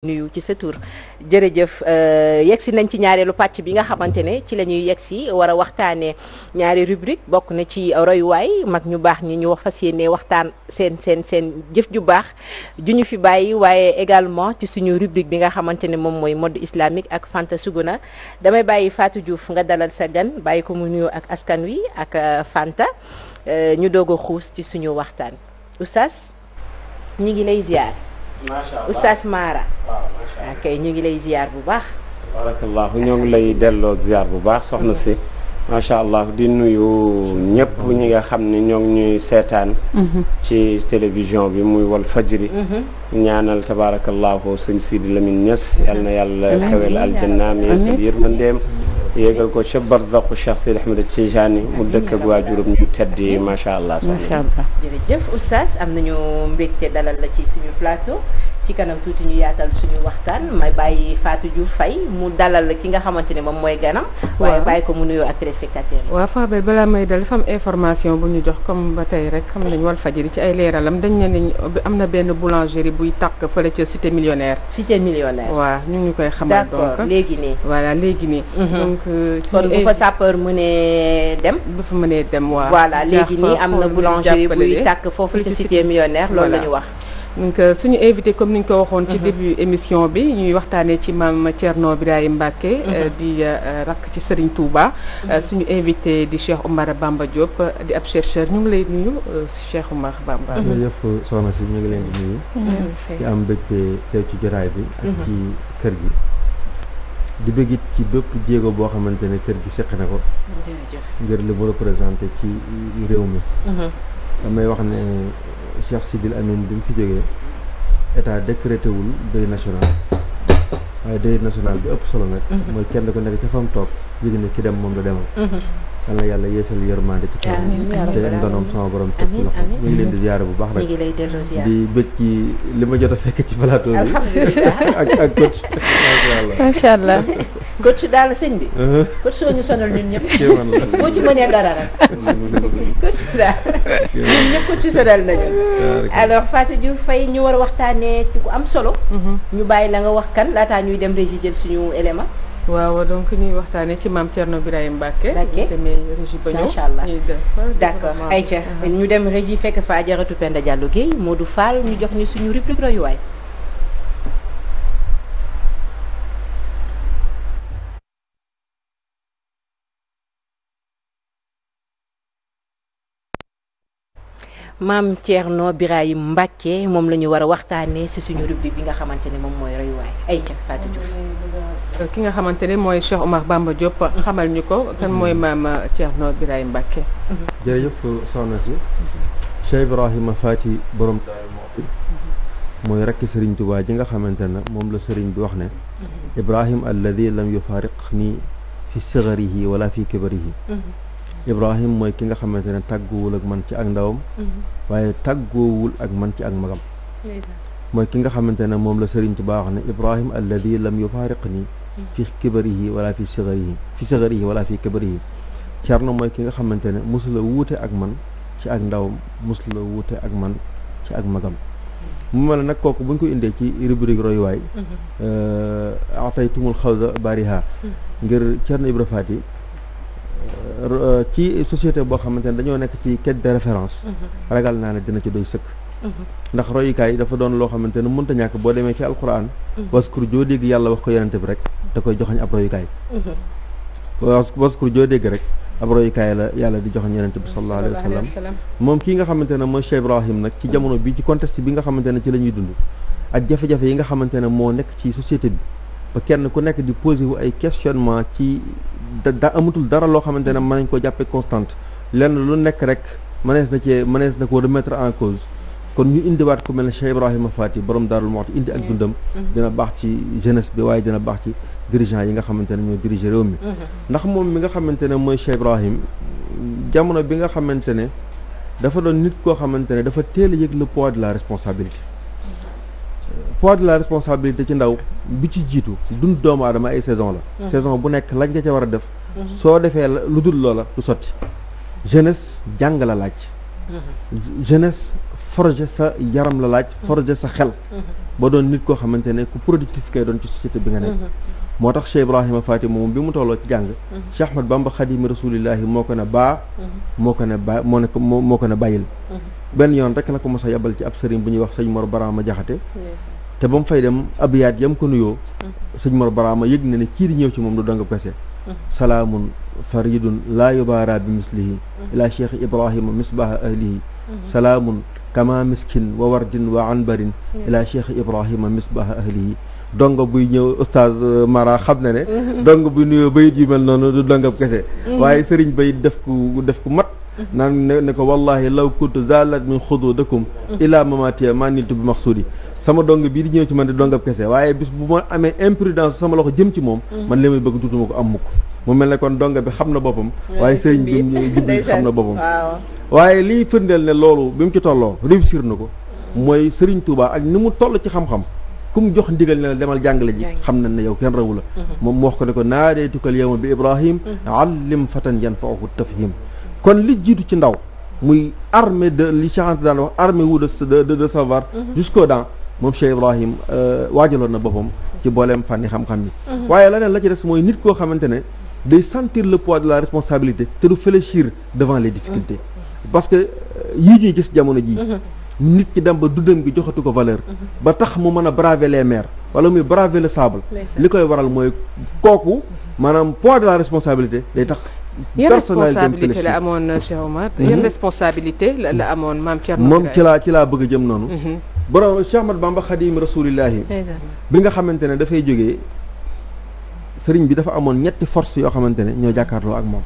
nuyu ci sa tur jërëjëf euh, yegsi nañ ci ñaareelu pàcc bi nga xamante ne ci la ñuy yegsi war a waxtaanee ñaari rubrique bokk na ci royuwaay mag ñu baax ñi ñu wax fas yéene waxtaan seen seen seen jëf ju baax ju ñu fi bàyyi waaye également ci suñu rubrique bi nga xamante ne moom mooy mode islamique ak Fanta Suguna damay bàyyi faatu Diouf nga dalal sa gan bàyyi ko mu nuyu ak askan wi ak euh, Fanta euh, ñu doog a xuus ci suñu waxtaan oustaz ñu ngi lay ziar. Oustaz Mara kay ñu ngi lay ziar bu baax barakallahu ñoo ngi lay delloo ziar bu baax soxna si macha allah di nuyu ñëpp ñu nga xam ne ñoo ngi ñuy seetaan mhm. ci télévision bi muy wal fajri mhm. ñaanal tabaarakallahu sëñ Sidi la Niass yal na yàlla kawel aljannaam yeesal yërmandeem yéegal ko ca barzaxu Cheikh Seydi Ahmed Tijaani mu dëkk ak waajuram ñu tedd yi macha allah. macha allah jërëjëf oustaz am nañu mbégte dalal la ci suñu plateau. ci kanam tuuti ñu yaatal suñu waxtaan may bàyyi Fatou Diouf Faye mu dalal ki nga xamante ne moom mooy ganam. waaye bàyyi ko mu nuyoo ak téléspectateur yi. waaw balaa may dal dafa am information bu ñu jox comme ba tey rek xam nañ Walfadjri ci ay leeralam dañ ne ni am na benn boulangerie buy tàkk fële ca cité millionnaire. cité millionnaire waaw ñu ñu koy xamal. donc léegi nii. Mhm. donc euh, kon bu fa sapeur mënee dem. bu fa mënee dem waaw. voilà léegi nii am donc euh, suñu invité comme ni ñu ko waxoon ci mhm. début émission bi ñuy waxtaanee ci maam Thierno Birahim Mbacké euh, mhm. di euh, rakk ci Serigne Touba mhm. suñu invité di Cheikh Oumar Bamba Diop di ab chercheur ñu ngi lay nuyu Cheikh Oumar Bamba jërëjëf soxna si ñu ngi leen di nuyu di am mbégte teew ci jotaay bi ak ci kër gi di bëggit ci bépp jéego boo xamante ne kër gi seq na ko ngir li mu représenté ci réew mi damay wax ne Cheikh Sidil Amin bi mu fi jógee état décrété wul deuil national waaye deuil national bi ëpp solo nag. Mhm. mooy kenn ku nekk ca fam toog yëg ne ki dem moom la demal. Mhm. yàlla yàlla yeesal yërmande ci kaw te ndonoom sama borom teg ci loxo ngi leen di ziare bu baax nag di bëj ci li ma jot a fekk ci plateau bi ak ak coach macha allah coach daal la sëñ bi. coach uh-huh. soo ñu sonal ñun ñëpp. boo ci mënee dara rek. coach daal ñun ñëpp coach sonal nañu. alors Fatou Diouf Faye ñu war a waxtaanee ci ku am solo. Uh-huh. ñu bàyyi la nga wax kan laataa ñuy dem régie jël suñu élément. waaw donc ñuy waxtaanee ci maam Thierno Birahim Mbacke. Mbacke demee régie ba ñëw macha allah d' accord ayca ñu dem régie fekk fa Ajaratu Penda Diallo moo Modou Fall ñu jox ñu suñu rubrique royuwaay. maam Thierno Birahim Mbacke moom la ñu war a waxtaanee si suñu rubrique bi nga xamante ni moom mooy royuwaay ay ca Fatou Diouf. ki nga xamante ne mooy Cheikh baa Bamba Diop xamal ñu ko kan mooy maam Thierno Birahim Mbacke. jërëjëf soxna si Cheikh Ibrahima Fati borom Daaru mooy rakki sëriñ Tuubaa ji nga xamante ne moom la sëriñ bi wax ne. Ibrahim alladi lam yufaariqni fi sigarihi wala fi kibarihi Ibrahim mooy ki nga xamante ne tàggoowul ak man ci ak ndawam mm-hmm. waaye tàggoowul ak man ci ak magam mooy ki nga xamante ne moom la sëriñ ci baax ne Ibrahim alladi lam yufaariq nii mm-hmm. fi kibarihi wala fi sigarihi fi sigarihi wala fi kibarihi Cerno mooy ki nga xamante ne mosula wuute ak man ci ak ndawam mosula wuute ak man ci ak magam mm-hmm. mu mel nag kooku buñ ñu ko indee ci rubrique royuwaay euh, ataytumul xawsa bariha ngir Cerno Ibra Faati Euh, ci société boo xamante ne dañoo nekk ci quête de référence mhm. ragal naa ne dina ci doy sëkk mhm. ndax royukaay dafa doon loo xamante ne mënta ñàkk boo demee ci alquran mhm. waskur joo dégg yàlla wax ko yonente bi rek da koy joxañ ab royukaay waskur joo dégg rek ab royukaay la yàlla di joxañ yonente bi sallallahu alayhi wa sallam moom kii nga xamante ne mooy Cheikh Ibrahim nag ci jamono bi ci contexte bi nga xamante ne ci la ñuy dund ak jafe-jafe yi nga xamante ne moo nekk ci société bi ba kenn ku nekk di posé wu ay questionnement ci da amatul dara loo xamante ne mën nañ ko jàppee constante lenn lu nekk rek mënees na cee mënees na ko remettre en cause kon ñu indiwaat ku mel ne Cheikh Ibrahima Fati borom Daarul Muxti indi ak mm-hmm. dundam mm-hmm. dina baax ci jeunesse bi waaye dina baax ci dirigeant yi nga xamante ne ñoo dirige réew mi mm-hmm. ndax moom mi nga xamante ne mooy Cheikh Ibrahim jamono bi nga xamante ne dafa doon nit koo xamante ne dafa teel a yëg le poids de la responsabilité poids de la responsabilité ci ndaw bi ci jiitu dund doomu adama ay saison la mm-hmm. saison bu nekk lañ nga ca war a def mm-hmm. soo defee la lu dul loola ku sotti jeunesse jàng la laaj mm-hmm. jeunesse forger sa yaram la laaj forger sa xel ba doon nit koo xamante ne ku productif kay doon ci société bi nga nekk moo tax Cheikh Ibrahima Fatima moom bi mu tolloo ci jàng Cheikh Ahmad Bamba xadimi rasulillahi moo ko ne baa moo ko ne ba moo ne moo ko ne bàyyil benn yoon rek la ko mos a yabal ci ab sëriñ bu ñuy wax sëñ Mor Barama Jaxate te ba mu fay dem abiyaat yam ko nuyoo sëñ Mor Baraama yëg na ne kii di ñëw ci moom du danga kese salaamun faridun laa yubaara bi mislihi ila cheikh ibrahima misbaha ahlihi salaamun kama miskin wa wardin wa anbarin ila cheikh ibrahima misbaha ahlihi dongo buy ñëw oustaz Mara xam na ne dongo buy nuyoo bayit yu mel noonu du dongab kese mm-hmm. waaye sëriñ bayit def ku def ku mat mm-hmm. na ne ko wallahi law kuntu zalat min xududakum mm-hmm. ila mamatiya ma niltu bi maxsuudi sama dong bii di ñëw ci man di dongab kese waaye bis bu ma amee imprudence sama loxo jëm ci moom mm-hmm. man li may bëgg tutuma ko am mukk mu mel ne kon dong bi xam na boppam waaye sëriñ bi jubli xam na boppam waaye liy firndeel ne loolu bi mu ci tolloo réussir na ko mooy sëriñ Touba ak ni mu toll ci xam-xam ku mu jox ndigal ne la demal jàngale ji xam nañ ne yow kenn rawu la mm-hmm. mu wax ko ne ko naadaytukal yawma bi ibrahim mm-hmm. allim fatan yanfa'uhu tafhim kon li jiitu ci ndaw muy armée de moom Cheikh Ibrahim euh, waajaloon na boppam ci booleem fànni xam-xam yi mhm. waaye leneen la ci des mooy nit koo xamante ne day sentir le poids de la responsabilité te du fléchir devant les difficultés mhm. parce que euh, yii ñuy gis jamono ji mhm. nit ki dem ba du dundam gi joxatu ko valeur ba tax mu mën a braver les mers wala muy braver le sable li koy waral mooy kooku maanaam poids de la responsabilité day tax yan responsabilité la amoon Cheikh Omar yan responsabilité la amoon maam Thierno moom ci laa ci laa bëgg a jëm noonu borom Cheikh Ahmad Bamba xadim rasulillahi bi nga xamante ne dafay jóge sëriñ bi dafa amoon ñetti force yoo xamante ne ñoo jàkkaarloo ak moom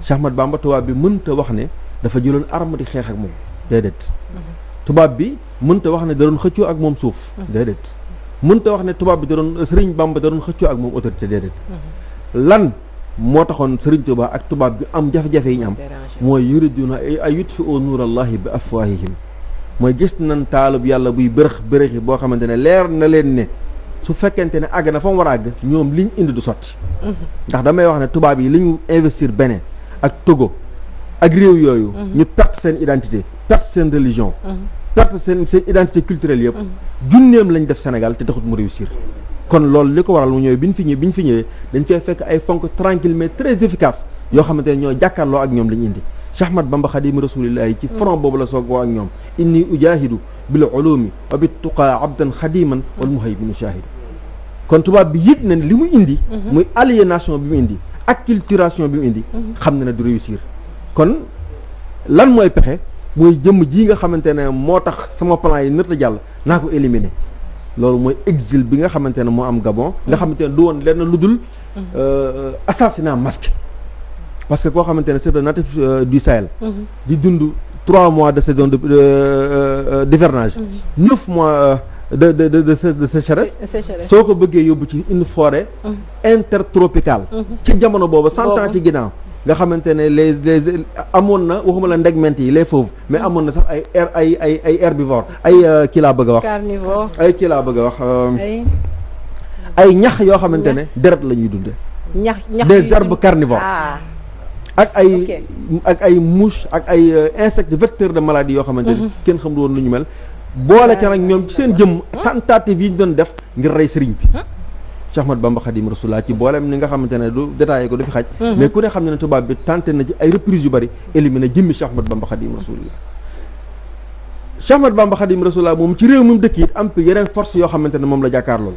Cheikh Ahmad Bamba tubaab bi mënta wax ne dafa jëloon arme di xeex ak moom tubaab bi mënta wax ne da doon xëccoo ak moom suuf déedéet mënta wax ne tubaab bi da doon sëriñ Bamba da doon xëccoo ak moom autorité déedéet lan moo taxoon sëriñ Tuubaa ak tubaab bi am jafe-jafe yi ñu am mooy yuriduna ay yutfi u nuurallahi bi afwaahihim mooy gis nañ taalub yàlla buy bërëx bërëxi boo xamante ne leer na leen ne su fekkente ne àgg na fa mu war a àgg ñoom liñ indi du sotti mm-hmm. ndax damay wax ne tubaab yi li ñu investir Bénin ak Togo ak réew yooyu mm-hmm. ñu perte seen identité perte seen religion mm-hmm. perte seen seen identité culturelle yëpp junneem lañ def Sénégal te taxut mu réussir kon loolu li ko waral mu ñëwee bi fi ñëwee fi ñëwee dañ fee fekk ay fonk tranquille mais très efficace yoo xamante ne ñoo jàkkaarloo ak ñoom liñ indi Cheikh Ahmad Bamba xadimu rasulillahi ci front boobu la soo woo ak ñoom inni ujaahidu bil ulumi wa bit tuqaa abdan xadiman wal muhayminu kon tubaab bi yëg na li mu indi mhm. muy aliénation bi mu indi culturation bi mu indi mhm. xam na ne du réussir kon lan mooy pexe mooy jëmm ji nga xamante ne moo tax sama palans yi nët la jàll naa ko éliminer loolu mooy exil bi nga xamante ne moo am Gabon nga mhm. xamante ne du woon lenn lu dul euh, assassinat masqué parce que koo xamante ne c'est un natif euh, du Sahel. Mhm. di dund trois mois de saison de euh, euh, d'hivernage. Mhm. neuf mois de de de de sécheresse. soo ko bëggee yóbbu ci une forêt. Mhm. intertropicale. ci jamono boobu cent ans ci ginnaaw. nga xamante ne les les amoon na waxuma la ndegment yi les fauves mais amoon na sax ay air ay ay ay herbivores laa bëgg a wax. carnivores ay kii laa bëgg a wax. ay ñax yoo xamante ne deret la ñuy dundee. ñax ñax des herbes carnivores. Ah. ak ay ak ay mouche ak ay euh, insecte vecteur de maladie yoo xamante ni mhm. kenn xamul woon lu ñu mel boole ca nag ñoom ci seen ah. jëm tentative yi ñu doon def ngir rey sëriñ bi ah. Cheikh Ahmad Bamba Khadim Rasulullah ci boolem ni nga xamante ne du détaillé ko du fi xaj mhm. mais ku ne xam ne ne tubaab bi tenté na ci ay reprises yu bari éliminé jëmmi Cheikh Ahmad Bamba Khadim Rasulullah Cheikh Ahmad Bamba Khadim Rasulullah moom ci réew mi mu dëkk it am yeneen force yoo xamante ne moom la jàkkaar loolu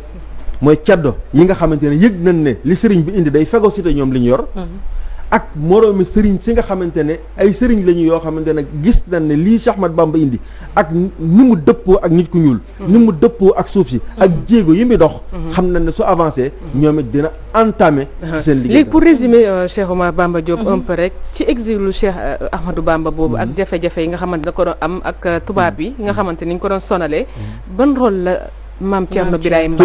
mooy caddo yi nga xamante ne yëg nañ ne li sëriñ bi indi day fego cité ñoom li ñu yor mhm. ak moroomi sëriñ si nga xamante ne ay sëriñ lañu yoo xamante ne gis na ne lii Cheikh Ahmad Bamba indi ak ni mu dëppoo ak nit ku ñuul ni mu dëppoo ak suuf si ak jéego yi muy dox xam nañ ne su avancé ñoom it dina entamé seen liggéey léegi pour résumer euh, Cheikh Omar Bamba Diop un peu rek ci exilu Cheikh euh, Ahmadou Bamba boobu ak mhm. jafe-jafe yi nga xamante ne ko doon am ak euh, tubaab yi nga xamante ni ñu ko doon sonalee mhm. ban rôle la maam Thierno Birahim ci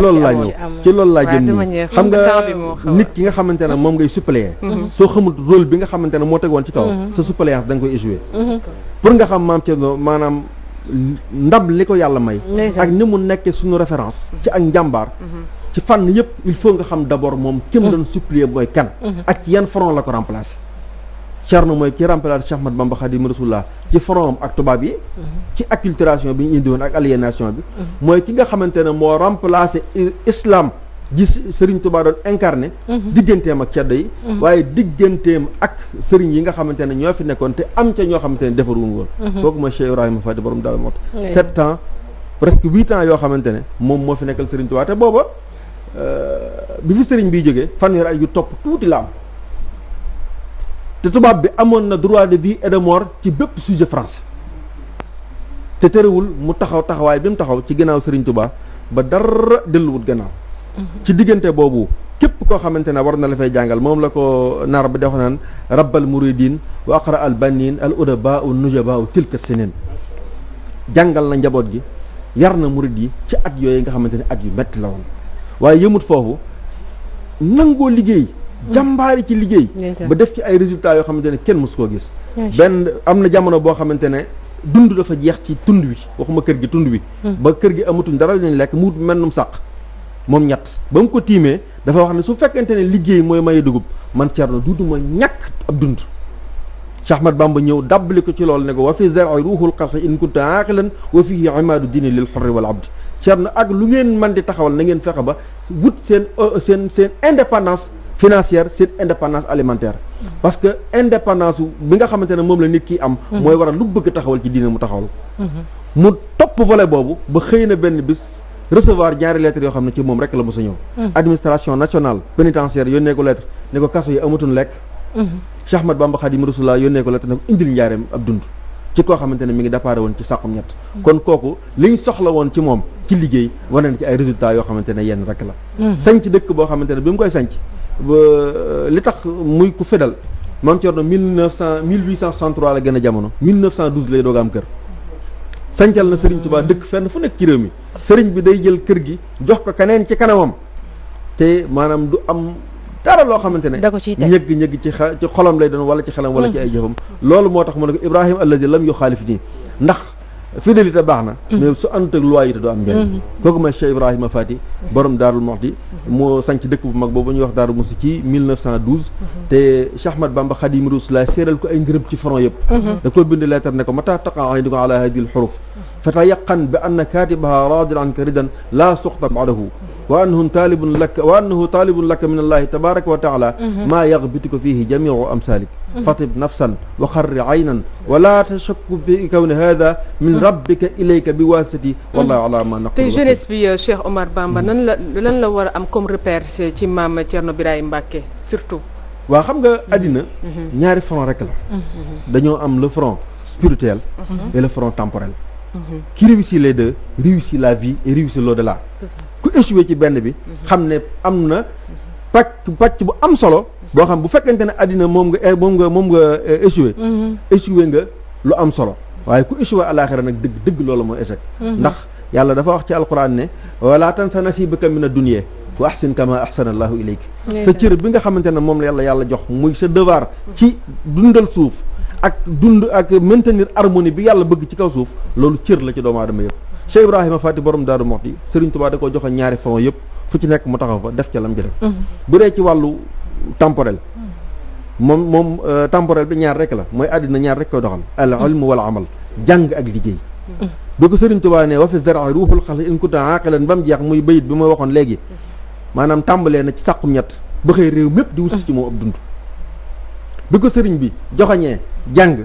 loolu laa jëm nii xam nga nit ki nga xamante ne moom ngay suppléer mm-hmm. soo xamul rôle bi nga xamante ne moo teg woon ci kaw mm-hmm. sa suppléance da nga koy échoué mm-hmm. pour nga xam maam Thierno maanaam ndab li ko yàlla may ak ni mu nekkee suñu référence ci ak njàmbaar ci fànn yëpp il faut nga xam d'abord moom kim doon suppléer mooy kan ak yan front la ko remplacer Cerno mooy ki remplace Cheikh Ahmadou Bamba Khadim Rasulullah ci front ak tubaab yi ci acculturation bi ñu indi woon ak aliénation bi mooy ki nga xamante ne moo remplacé islam ji Serigne Touba doon incarné digganteem ak ceddo yi waaye digganteem ak sëriñ yi nga xamante ne ñoo fi nekkoon te am ca ñoo xamante ne defaruñ woon kooku mooy Cheikh Ibrahima Fadi borom daal moo tax sept ans presque huit ans yoo xamante ne moom moo fi nekkal Serigne Touba te booba euh, bi fi sëriñ biy jógee fanweer at yu topp tuuti la te tubaab bi amoon na droit de vie et ci bépp sujet français te terewul mu taxaw taxawaay bi mu taxaw ci gannaaw Serigne Touba ba dara delluwut gannaaw. ci diggante boobu képp koo xamante ne war na la fay jàngal moom la ko naar bi di wax naan rabbal muridin wa aqra al bannin al udaba u nujaba u tilka seneen jàngal na njaboot gi yar na murid yi ci at yooyu nga xamante ni at yu metti la woon waaye yëmut foofu nangoo liggéey. jàmbaari ci liggéey ba def ci ay résultat yoo xamante ne kenn mosu koo gis benn am na jamono boo xamante ne dund dafa jeex ci tund wi waxuma kër gi tund wi hmm. ba kër gi amatuñ dara lañ lekk mu mel num sàq moom ñett ba mu ko tiimee dafa wax ne su fekkente ne liggéey mooy maye dugub man Thierno duduma ñàkk ab dund Cheikh Ahmad Bamba ñëw dàbbali ko ci loolu ne ko wa fi zari ruuxul xalqi in kunta aaqilan wa fihi imaadu diini lil xorri wal abdi ak lu ngeen man di taxawal na ngeen fexe ba wut seen euh, seen seen indépendance financière c'est indépendance alimentaire parce que indépendance bi nga xamante ne moom la nit ki am mhm. mooy waral lu bëgg taxawal ci diine mu taxawal mhm. mu topp volet boobu ba xëy na benn bis recevoir ñaari lettres yoo xam ne ci moom rek la mos a ñëw mhm. administration nationale pénitentiaire yónnee ko lettre ne ko kaso yi amatuñ lekk Cheikh Ahmad Bamba Khadim Rasulullah yónnee ko lettre ne ko indil njaareem ab dund ci koo xamante ne mi ngi déparé woon ci sàqum ñett kon kooku liñ ci moom ci na ci ay résultats yoo xamante ne yenn rek la sanc dëkk boo ne bi mu Euh, li tax muy ku fidèle maam Thierno mille neuf cent mille huit cent soixante-trois la gën a jamono mille neuf cent douze lay doog a am kër sancal na Serigne Touba dëkk fenn fu nekk ci réew mi Serigne bi day jël kër gi jox ko keneen ci kanamam te maanaam du am dara loo xamante ne ñëgg ñëgg ci ci xolam lay doon wala ci xelam wala ci ay jëfam mm-hmm. loolu moo tax mu ne ko Ibrahima alladi lam yu xaalif nii ndax fidélité baax na mm-hmm. mais su ànd ak loyauté doo am njëriñ mm-hmm. kooku mooy Cheikh Ibrahima Fati borom Daarul Moxti moo sanc dëkk bu mag boobu ñuy wax Daaru Musi ci 1912 mm-hmm. te Cheikh Ahmad Bamba Xaadimu Rasuul séeral ko ay ngërëm ci front yëpp da ko bind leetar ne ko mata taqa aynuka ala hadihi al xuruf فتيقن بأن كاتبها راض عنك ردا لا سخط بعده وأنه طالب لك وأنه طالب لك من الله تبارك وتعالى ما يغبطك فيه جميع أمثالك فطب نفسا وخر عينا ولا تشك في كون هذا من ربك إليك بواسطي والله على ما نقول tey jeunesse bi euh, Cheikh Omar Bamba nan la lan la war a am comme repère ci maam Thierno Birahim Mbacké surtout waa xam nga mm-hmm. àddina mm-hmm. ñaari front rek la mm-hmm. dañoo am le front spirituel et le front temporel ki réussit les deux réussit la vie et réussit l'au-delà ku échoué ci benn bi xam ne am na pàcc pacc bu am solo boo xam bu fekkante ne àddina moom nga eh, moom nga moom nga eh, échoué échoué nga lu am solo waaye ku échoué àllaaxira nag dëgg dëgg loolu mooy échec ndax yàlla dafa wax ci alquran ne wala tansa nasibaka mina dunya wa ahsin kama ahsana allahu ilayk sa cër bi nga xamante ne moom la yàlla yàlla jox muy sa devoir ci dundal suuf ak dund ak maintenir harmonie bi yàlla bëgg ci kaw suuf loolu cër la ci doomu aadama yëpp Cheikh Ibrahima Fati borom Daaru Muxti Serigne Touba da koo joxe ñaari fond yëpp fu ci nekk mu taxaw fa def ca ci def mm-hmm. bu dee ci wàllu temporel euh, la mooy àddina ñaar rek koy doxal al ilm wal amal jàng ak liggéey mm-hmm. bi ko Serigne Touba ne wa fi zara'i ruuxul xal in kunta aqilan ba mu jeex muy bayit bi ma waxoon léegi maanaam tàmbalee na ci sàqum ñett ba xëy réew mépp di wut ci moom ab dund bi ko sëriñ bi joxoñee jàng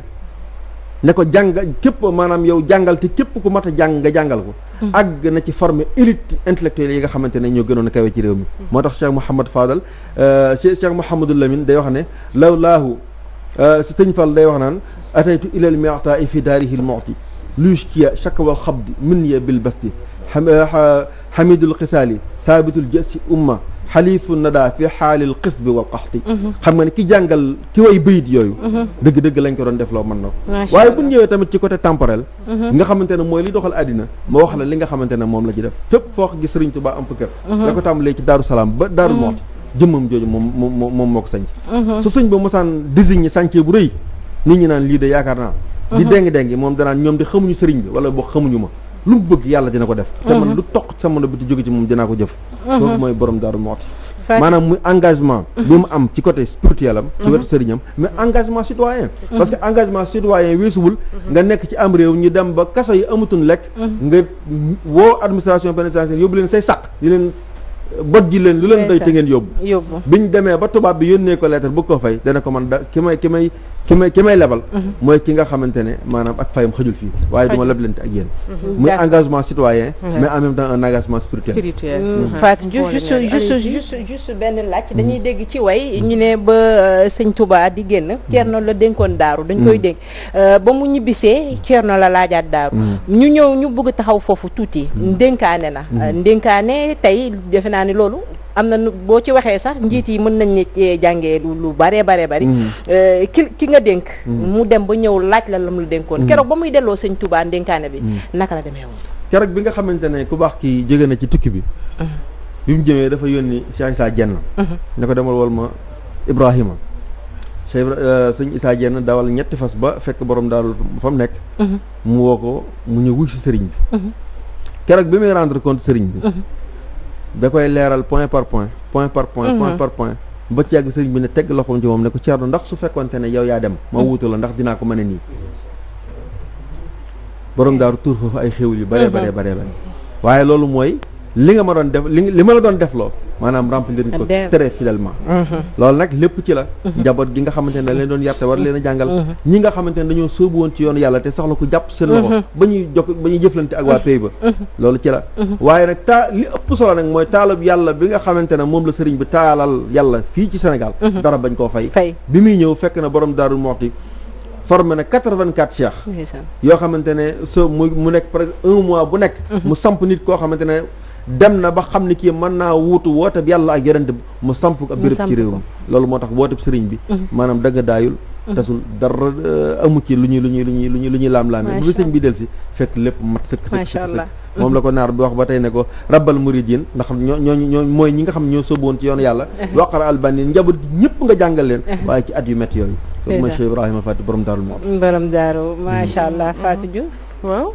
ne ko jàng képp maanaam yow jàngal te képp ku mat a jàng nga jàngal ko mm. àgg na ci forme élite intellectuelle yi nga xamante ne ñoo gënoon a kawe ci réew mi mm. moo tax Cheikh Mouhamad Fadal euh, Cheikh Mouhamadou Lamine day wax ne law laahu euh, sëñ Fall day wax naan ataytu ilal mi'ta fi daarihi l mu'ti lushkiya shakwa xabdi min ya bil basti hamidul xisaali saabitul jësi umma xaliifu nadaa fi xaalil xis bi wal qaxti mhm. xam nga ne ki jàngal ki way bayit yooyu mhm. dëgg-dëgg lañ ko doon def loo mën na ko waaye bu ñëwee tamit ci côté temporel mhm. nga xamante ne mooy li doxal àddina moo wax la li nga xamante ne moom la ci def fépp foo gis Sëriñ Tuubaa am fa kër nga ko tàmbalee ci Daaru ba Daaru Muxti jëmmam jooju moom moom moom moo ko sanc su sëñ ba mosaan désigné sàncee bu rëy nit ñi naan lii de yaakaar naa di déng-déng moom danaan ñoom di xamuñu sëriñ bi wala boo xamuñu ma lu mu bëgg yàlla dina ko def te man mhm. lu toq sama bët jóge ci moom dinaa ko jëf kooku mhm. mooy borom moo mooti maanaam muy engagement mhm. bi mu am ci côté spirituel am ci wetu sëriñam mais engagement citoyen parce que engagement citoyen weesuwul nga nekk ci am réew ñu dem ba kaso yi amutun lekk nga woo administration pénitentiaire yóbbu leen say sàq di leen euh, bot ji leen lu leen doy te ngeen yóbbu biñ demee ba tubaab bi yónnee ko lettre bu ko fay dana ko man da ki may ki may ki may ki may lebal mhm. mooy ki nga xamante ne maanaam ak fayam xëjul fii waaye du ma leblante ak yéen mhm. muy engagement citoyen mhm. mais en même temps un engagement spirituel Fatou benn laaj dañuy dégg ci way ñu ne ba euh, sëñ Touba di génn Ceerno la dénkoon daaru dañ koy dénk euh, ba mu ñibbisee Ceerno la laajaat daaru ñu ñëw ñu bugg taxaw foofu tuuti ndénkaane na ndénkaane tey defe naa ni loolu am na nu boo ci waxee sax njiit yi mën nañ ni jàngee lu lu bare bare bari mm. euh, ki ki nga dénk mm. mu dem ba ñëw laaj la mu lu dénkoon mm. keroog ba muy delloo sëñ Touba dénkaane bi naka la demee woon keroog bi nga xamante ne ku baax ki jóge na ci tukki bi mm-hmm. bi mu jëmee dafa yónni Cheikh Issa Dieng mm-hmm. ne ko demal wol ma Ibrahima Cheikh euh, sëñ Issa Dieng dawal ñetti fas ba fekk borom daal fa mu nekk mm-hmm. mu woo ko mu ñëw wuy si sëriñ bi keroog bi muy rendre compte sëriñ bi da koy leeral point par point point par point point mhm. par point ba ci yàgg sëriñ bi ne teg loxoom ci moom ne ko Thierno ndax su fekkonte ne yow yaa dem ma mhm. wuutu la ndax dinaa ko mën a nii borom daaru tuur foofu ay xéwul yu bare mhm. bare bare bare waaye loolu mooy li nga ma doon def li li ma la doon def loo maanaam remplir ko très fidèlement mhm. loolu nag lépp ci la mhm. njaboot gi nga xamante ne leen doon yarte war leen a jàngal mhm. ñi nga xamante ne dañoo sóobu woon ci yoon yàlla te soxla ku jàpp seen ba ñuy jëflante ak waa pays ba loolu ci la waaye nag taa li ëpp solo nag mooy taalub yàlla bi nga xamante ne moom la sëriñ bi taalal yàlla fii ci Sénégal dara bañ koo fay bi muy ñëw fekk na borom Daaru Muxti dem na ba xam ne kii mën naa wuutu woote yàlla ak yonent bi mu samp ab béréb ci loolu moo tax woote sëriñ bi mhm. maanaam dëgg daayul mhm. tasul dara euh, amu ci lu ñuy lu ñuy lu ñuy lu ñuy lu ñuy bi del si fekk lépp mat sëkk sëkk sëkk moom la mhm. ko naar bi wax ba tey ne ko rabbal muridin ndax mooy ñi nga xam ñoo sóoboon ci yoonu yàlla waqara albani njaboot gi ñëpp nga jàngal leen waaye ci at yu métti yooyu loolu mooy Cheikh Ibrahima Fatou borom daarul waaw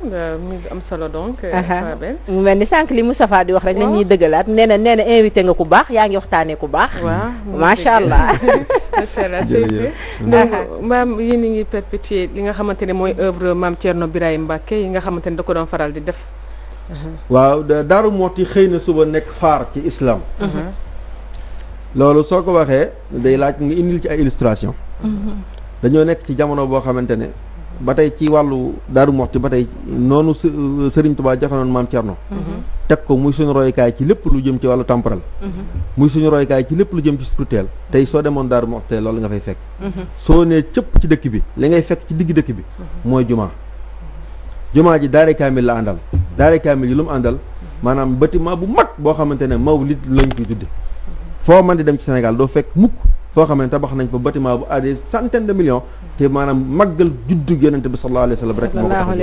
mu ngi am solo donc. Euh, mu mel ni sànq li Moustapha di wax rek. la ñuy dëggalaat nee na nee na invité nga ku baax yaa ngi waxtaanee ku baax. waaw macha allah. macha allah maam yéen a ngi perpétuer li nga xamante ne mooy œuvre maam Thierno Birahim Mbacke yi nga xamante ne da ko doon faral di def. waaw da Daaru ti xëy na suba nekk faar ci islam. Mhm. loolu soo ko waxee day laaj ngi indil ci ay illustration mhm. dañoo nekk ci jamono boo xamante ne. ba tey ci wàllu Daaru Muxti ba tey noonu së euh, Sëriñ Tuubaa joxe noonu maam Cerno mm-hmm. teg ko muy suñu royukaay ci lépp lu jëm ci wàllu temporel mm-hmm. muy suñu royukaay ci lépp lu jëm ci spirituel tey soo demoon Daaru Muxti loolu nga fay fekk mm-hmm. soo nee cëpp ci dëkk bi li ngay fekk ci digg dëkk bi mooy jumaa jumaa ji daare kaamil la àndal daare kaamil yi lu mu àndal maanaam bâtiment bu mag boo xamante ne mawlid lañ koy tudde foo mën di dem ci Sénégal doo fekk mukk foo xamante ne tabax nañ fa bâtiment bu à des centaines de millions te maanaam màggal juddug yonente bi sallallahu alayhi wa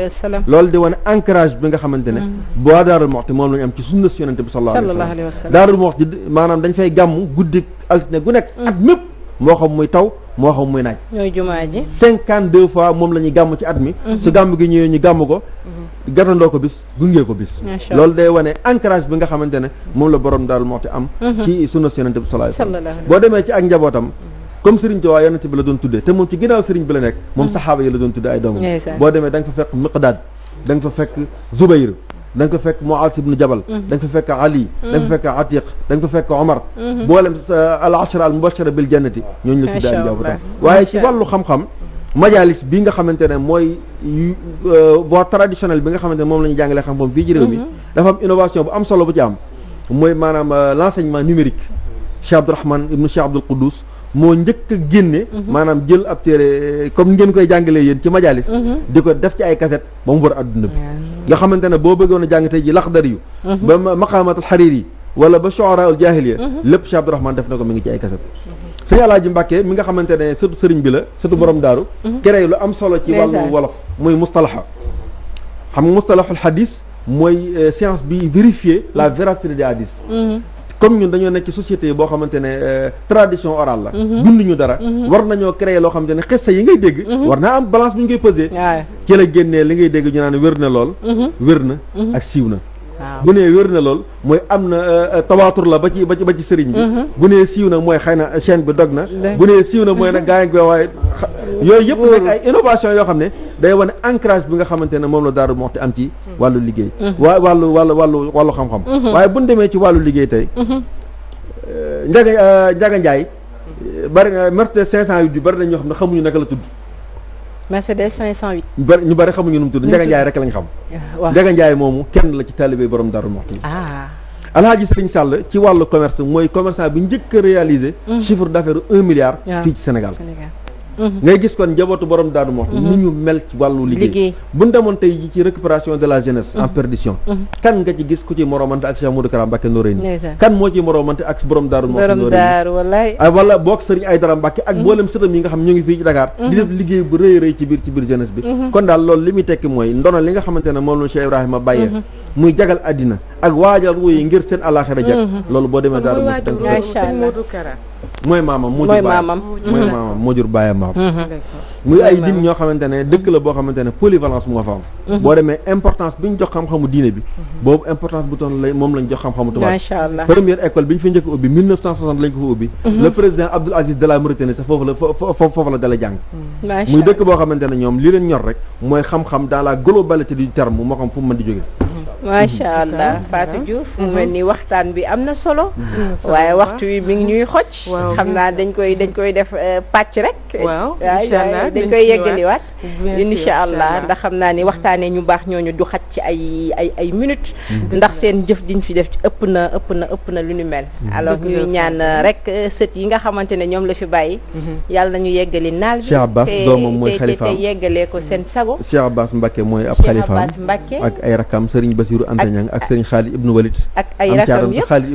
sallam rek moo di wane ancrage bi nga xamante ne mm. boo daarul moxti moom la ñu am ci sunna si yonente bi sallallahu alayhi wa sallam daarul moxti maanaam dañ fay gàmmu guddi altine gu nekk mm. ak mépp moo xam muy taw moo xam muy naaj. ñooy jumaa ji. fois moom la ñuy gàmm ci at mi. Mhm. su gàmm gi ñëwee ñu gàmm ko. Mhm. gàttandoo ko bis gungee ko bis. loolu day wane ancrage bi nga xamante ne moom la borom daal moo ci am. Mhm. ci sunna Yonent bi sallallahu alayhi wasallam boo demee ci ak njabootam. comme Serigne Touba Yonent bi la doon tuddee te moom ci ginnaaw Serigne bi la nekk. moom saxaaba yi la doon tuddee ay doomam. boo demee da fa fekk Miqdaad da fa fekk Zubayr da nga fa fekk Muaaz ibnu Jabal mhm. da nga fa fekk Ali mhm. da nga fa fekk Atiq da nga fa fekk Omar mhm. boolem al ashra al mubashara bil jannati ñooñu la ci daal jaww ta waaye ci wàllu xam-xam majalis bi nga xamante ne mooy euh, voie traditionnelle bi nga xamante ne moom la ñu jàngalee xam-xam fii ci réew mi dafa am innovation bu am solo bu ci am mooy maanaam euh, l'enseignement numérique Cheikh Abdourahman ibnu Cheikh Abdoul Quddus moo njëkk a génne mhm. maanaam jël ab téere comme ngeen koy jàngalee yéen ci majalis mhm. di ko def ci ay kaset ba mu wër adduna bi nga xamante ne boo bëggoon a jàng tey ji laxdar yu mhm. ba maqaamatul xariir yi wala ba shu'araul jaahiliya lépp Cheikh Abdourahmane def na ko mu ngi ci ay kaset sëñ ji Mbàkke mi nga xamante ne sëtu sëriñ bi la sëtu borom daaru kerey lu am solo ci wàllu wolof muy mustalaha xam nga mustalahul hadis mooy euh, science bi vérifier la véracité des comme ñun dañoo nekk ci société boo xamante ne euh, tradition orale la mhm. mhm. ñu dara mhm. war nañoo créer loo xamante ne xesta yi ngay dégg war naa am balance bu ñu koy peser ci la génne li ngay dégg ñu naan wér na lool wér na ak siiw na bu nee wér na lool mooy am na euh, euh, tawaatur la ba ci ba ci ba ci sëriñ bi bu mm-hmm. nee siiw na mooy xëy na chaîne bi dog na bu nee siiw na mooy nag gaa ko koy waaye yooyu yëpp nag ay innovation yoo xam ne day wane ancrage bi nga xamante ne moom la Daaru Muxti am ci mm-hmm. wàllu liggéey mm-hmm. waa wàllu wàllu wàllu wàllu xam-xam waaye bu ñu demee ci wàllu liggéey tey euh, njaga njaga njaay bari na merte cinq cent yu bari na ñoo xam ne xamuñu naka la tudd Mercedes 508. bari ñu bari xamuñu nu mu tudd Ndiaga Ndiaye rek lañ xam. waaw Ndiaga moomu kenn la ci talibé borom Darou Mouhty. alhaaji ah. Sëriñ Sall ci wàllu commerce mooy commerçant bi njëkk a réalisé. Mm. chiffre d'affaires un milliard. fii ci Sénégal. Mm-hmm. ngay gis kon njabootu borom daanu moo mm-hmm. ni ñu mel ci wàllu liggéey bu ñu demoon tey ci récupération de la jeunesse en mm-hmm. perdition kan nga ci gis ku ci moromante ak Cheikh Modou Kara Mbacké Noreyni kan moo ci moromante ak borom daaru moo Noreyni ah, wala boog Serigne Aïdara Mbacké ak mboolem sëtam yi nga xam ñu ngi fii ci Dakar def liggéey bu rëy rëy ci biir ci biir jeunesse bi kon daal loolu li muy tekki mooy ndono li nga xamante boo demee daaru moo Modou Kara mooy maamam moo jur maamam mooy mhm. moo jur bàyyam maam mhm. muy ay nit ñoo xamante ne dëkk la boo xamante ne polyvalence moo fa am mhm. boo demee importance bi ñu jox xam-xamu diine bi boobu importance bu toon lay moom lañ jox xam-xamu tubaab première école bi ñu fa njëkk ubbi 1960 ko fa ubbi le président Abdoul Aziz de la sax foofu la foofu la dala jàng muy dëkk boo xamante ne ñoom li leen ñor rek mooy xam-xam dans la globalité du terme moo xam macha allah Fatou Diouf mu mel mm-hmm. ni waxtaan bi mm-hmm. am na solo waaye waxtu wi mi ñuy xoj xam naa dañ koy dañ koy def euh, pàcc rek waaw dañ koy yeggaliwaat incha allah ndax xam naa ni waxtaanee ñu baax ñooñu du xaj ci ay ay ay mm-hmm. ndax seen jëf diñ fi def ci ëpp na ëpp na ëpp na lu ñu mel alors ñuy ñaan euh, rek euh, sët yi nga xamante ne ñoom la fi bàyyi yàlla nañu yeggali naal bi Cheikh Abbas doomam mooy xalifa te yeggalee ko seen sago Cheikh Abbas Mbacké mooy ab xalifa ak ay rakam Serigne Bass Basiru Anta Ñang ak sëriñ Xaalid Ibnu Walid ak ay rakam yëpp Xaalid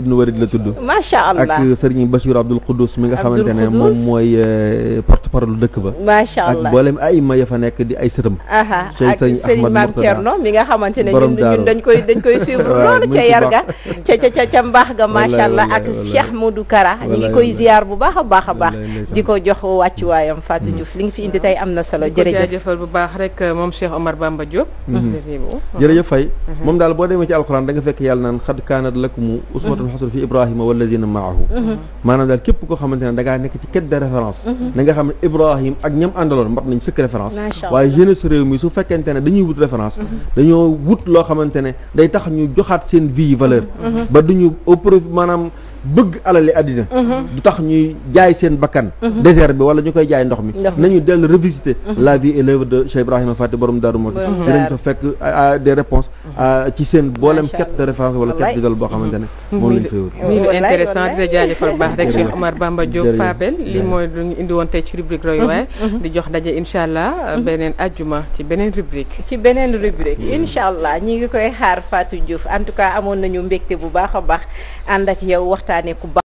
allah euh, sëriñ Basiru Abdul Quddus mi nga xamante moom mooy euh, porte parole dëkk ba macha allah ak mboolem ay ma ya fa nekk di ay sëtam aa ak sëriñ Maam Cerno nga xamante ne ñun ñun dañ koy dañ koy suivre loolu ca yar ga ca ca ca ca mbaax ga macha allah ak Cheikh Modou Kara ñu ngi koy ziar bu baax a baax a baax di ko jox wàccuwaayam Fatou mm-hmm. Diouf li nga fi indi am na solo jërëjëf bu baax euh, moom Cheikh Omar Bamba Diop mm-hmm. daal boo demee fekk yàlla naan xad kaanat lakum uswatun xasan fi ibrahima walladina maahu maanaam daal képp koo xamante ne nekk ci quête référence da xam ne ibrahim ak ñam àndaloon mat nañ sëkk référence waaye jeunesse réew mi su fekkente ne dañuy wut référence dañoo wut loo xamante day tax ñu joxaat seen vie valeur mhm. ba duñu au maanaam bëgg alali àddina mhm. du tax ñuy jaay seen bakkan mhm. désert bi wala ñu koy jaay ndox mi nañu dellu revisiter mhm. la vie et l'œuvre de Cheikh Ibrahima Faty borom Daaru Muxti dinañ fa fekk euh, euh, des réponses euh, ci seen boolem quête de référence wala quête d'idole boo xamante ne moom lañ fay wër muy lu intéressant di la jaajëfal bu baax rek Cheikh Omar Bamba Diop Fabel li mooy lu ñu indi woon tey ci rubrique royuwaay di jox daje incha allah beneen ajjuma ci beneen rubrique ci beneen rubrique incha allah ñi ngi koy xaar Fatou Diouf en tout cas amoon nañu mbégte bu baax a baax ànd ak yow waxtaan waxtaanee ku baax.